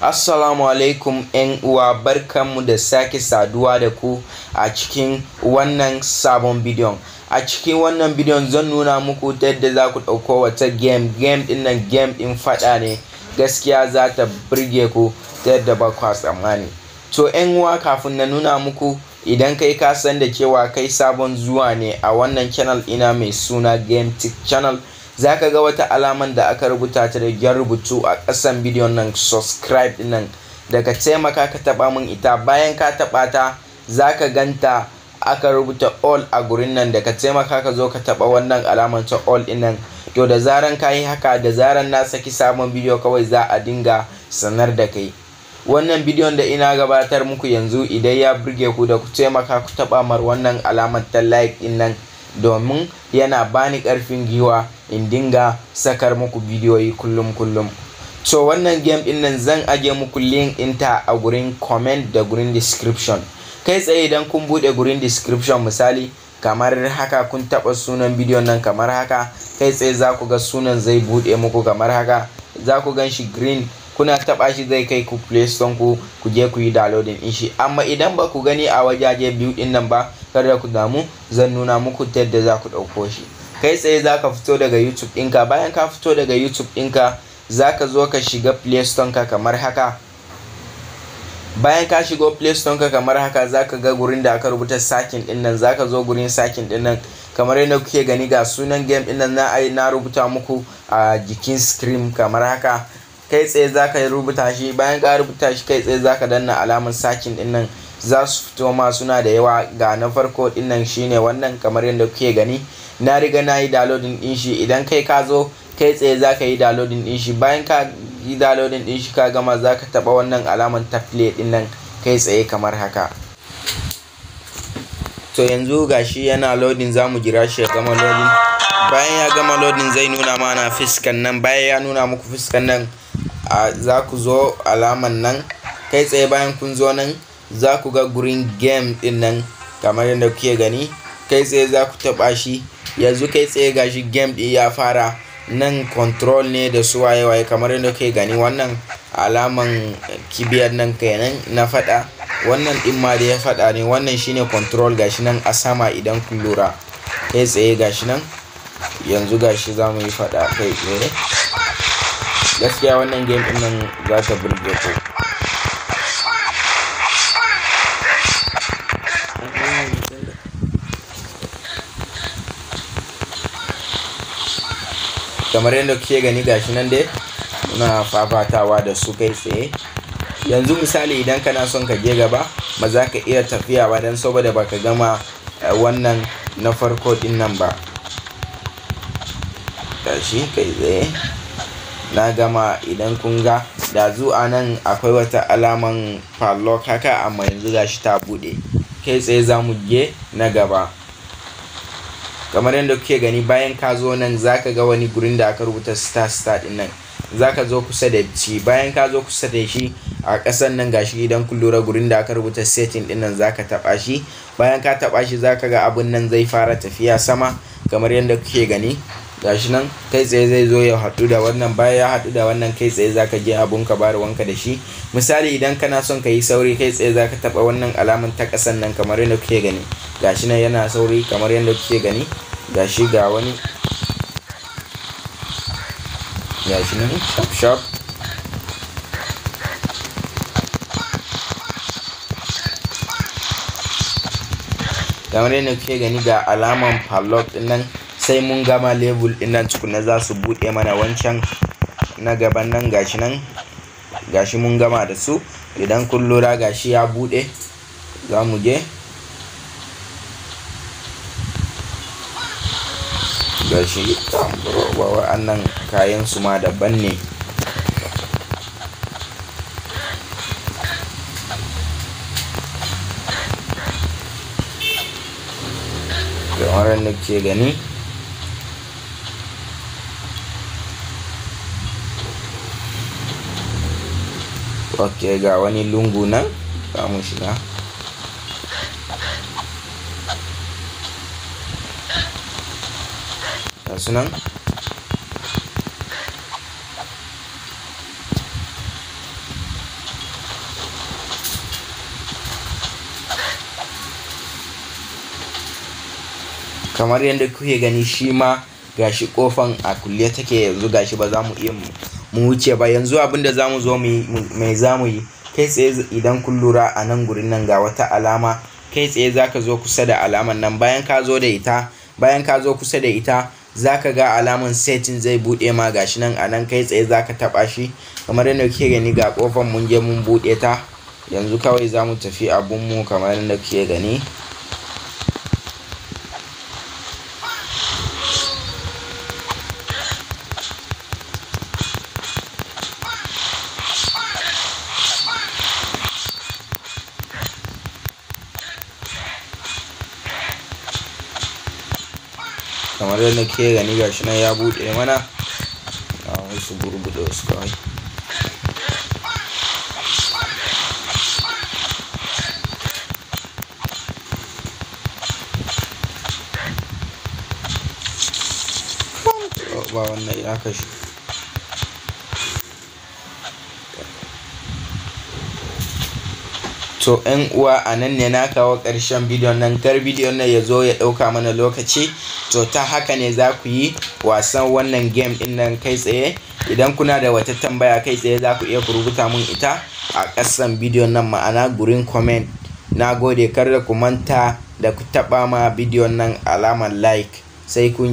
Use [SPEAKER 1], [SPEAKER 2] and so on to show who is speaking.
[SPEAKER 1] Assalamu alaikum ‘yan uwa barkanmu da sake saduwa da ku a cikin wannan sabon bidiyon. A cikin wannan bidiyon zan nuna muku ta yadda za ku ɗauko wata game, game din nan game ɗin faɗa ne gaskiya za ta birge ku ta yadda ba ku tsammani. To ‘yan uwa kafin na nuna muku idan kai ka san da cewa kai sabon zuwa ne a wannan channel ina mai suna Game Tick Channel. za ka ga wata alaman da aka rubuta ta da gyan rubutu a ƙasan bidiyon nan subscribe nan da taimaka ka taɓa min ita bayan ka taɓa ta za ka ganta aka rubuta all a gurin nan da ka taimaka ka zo ka taɓa wannan alaman ta all ɗin nan to da zaran ka yi haka da zaran na saki sabon bidiyo kawai za a dinga sanar da kai wannan bidiyon da ina gabatar muku yanzu idan ya burge ku da ku taimaka ku taɓa mar wannan alamar ta like ɗin nan domin yana bani karfin giwa in dinga sakar muku bidiyoyi kullum kullum so wannan game din nan zan aje muku link inta a gurin comment da gurin description kai tsaye idan kun bude gurin description misali kamar haka kun taba sunan bidiyon nan kamar haka kai tsaye za ku ga sunan zai bude muku kamar haka za ku gan shi green kuna taba shi zai kai ku play store ku ku je ku yi downloading din shi amma idan ba ku gani a wajaje biyu din nan ba kada ku damu zan nuna muku ta yadda za ku ɗauko shi kai tsaye za ka fito daga youtube ɗinka bayan ka fito daga youtube ɗinka za ka zo ka shiga play store ka kamar haka bayan ka shigo play store ka kamar haka za ka ga gurin da aka rubuta sakin ɗin nan za ka zo gurin sakin ɗin nan kamar yadda kuke gani ga sunan game ɗin nan na rubuta muku a jikin screen kamar haka kai tsaye za ka rubuta shi bayan ka rubuta shi kai tsaye za ka danna alamar sakin ɗin nan za su fito ma suna da yawa ga na farko dinnan shine wannan kamar yadda kuke gani na riga na yi downloading din shi idan kai ka zo kai tsaye za ka yi downloading din shi bayan ka yi downloading din shi ka gama za ka taɓa wannan alaman tablet dinnan din nan kai tsaye kamar haka to yanzu gashi yana loading za mu jira shi ya gama loading bayan ya gama loading zai nuna mana fiskan nan bayan ya nuna muku fiskan nan za ku zo alaman nan kai tsaye bayan kun zo nan za ku ga green game din nan kamar yadda kuke gani kai tsaye za ku taɓa shi yanzu kai tsaye ga shi game ɗin ya fara nan control ne da su waye waye kamar yadda kuke gani wannan alaman kibiyar nan kenan na faɗa wannan ɗin ma da ya faɗa ne wannan shine control gashi nan a sama idan kun lura kai tsaye gashi nan yanzu gashi za mu yi faɗa kai tsaye gaskiya wannan game ɗin nan za ta burge ku kamar yadda kuke gani gashi nan dai muna fafatawa da su kai tsaye yanzu misali idan kana son ka je gaba ba za ka iya tafiya ba don saboda baka gama eh, wannan na farko din nan ba gashi kai tsaye na gama idan kun ga da zuwa nan akwai wata alaman padlock haka amma yanzu gashi ta bude kai tsaye za mu je na gaba kamar yadda kuke gani bayan ka zo nan za ka ga wani gurin da aka rubuta star star din nan ka zo kusa da shi bayan ka zo kusa da shi a kasan nan gashi idan kun lura gurin da aka rubuta setting din nan ka taba shi bayan ka taba shi za ka ga abun nan zai fara tafiya sama kamar yadda kuke gani gashi nan kai tsaye zai zo ya haɗu da wannan baya ya haɗu da wannan kai tsaye zaka je abun ka bar wanka da shi misali idan kana son ka yi sauri kai tsaye zaka taba wannan alaman ta ƙasan nan kamar yadda kuke gani gashi nan yana sauri kamar yadda kuke gani gashi ga wani gashi nan shop shop kamar yadda kuke gani ga alaman palop nan sai mun gama level din nan tukuna za su buɗe mana wancan na gaban nan gashi nan gashi mun gama da su idan kun lura gashi ya buɗe za mu je gashi wa'annan kayan su ma daban ne kamar nake gani ok ga wani lungu nan za mu shiga nan kamar yadda kuke gani shi ma gashi kofan a kulle take yanzu gashi ba za mu iya mu wuce ba yanzu abin da zamu zo mu mai zamu yi kai tsaye idan kun lura a nan gurin nan ga wata alama kai tsaye zaka zo kusa da alaman nan bayan ka zo da ita bayan ka zo kusa da ita zaka ga alaman setin zai bude ma gashi nan a nan kai tsaye zaka taba shi kamar yadda kuke gani ga kofar mun je mun bude ta yanzu kawai zamu tafi abun mu kamar yadda kuke gani kamar yadda ke gani gashi nan ya buɗe mana a wasu gurgudu wasu kawai ba wannan ya kashe so yan uwa a nan ne na kawo ƙarshen bidiyon nan kar bidiyon nan ya zo ya ɗauka mana lokaci to ta haka ne za ku yi wasan wannan game ɗin nan kai tsaye idan kuna da wata tambaya kai tsaye za ku iya ku rubuta mun ita a ƙasan bidiyon nan ma'ana gurin comment na gode kar da ku manta da ku taɓa ma bidiyon nan alamar like sai kun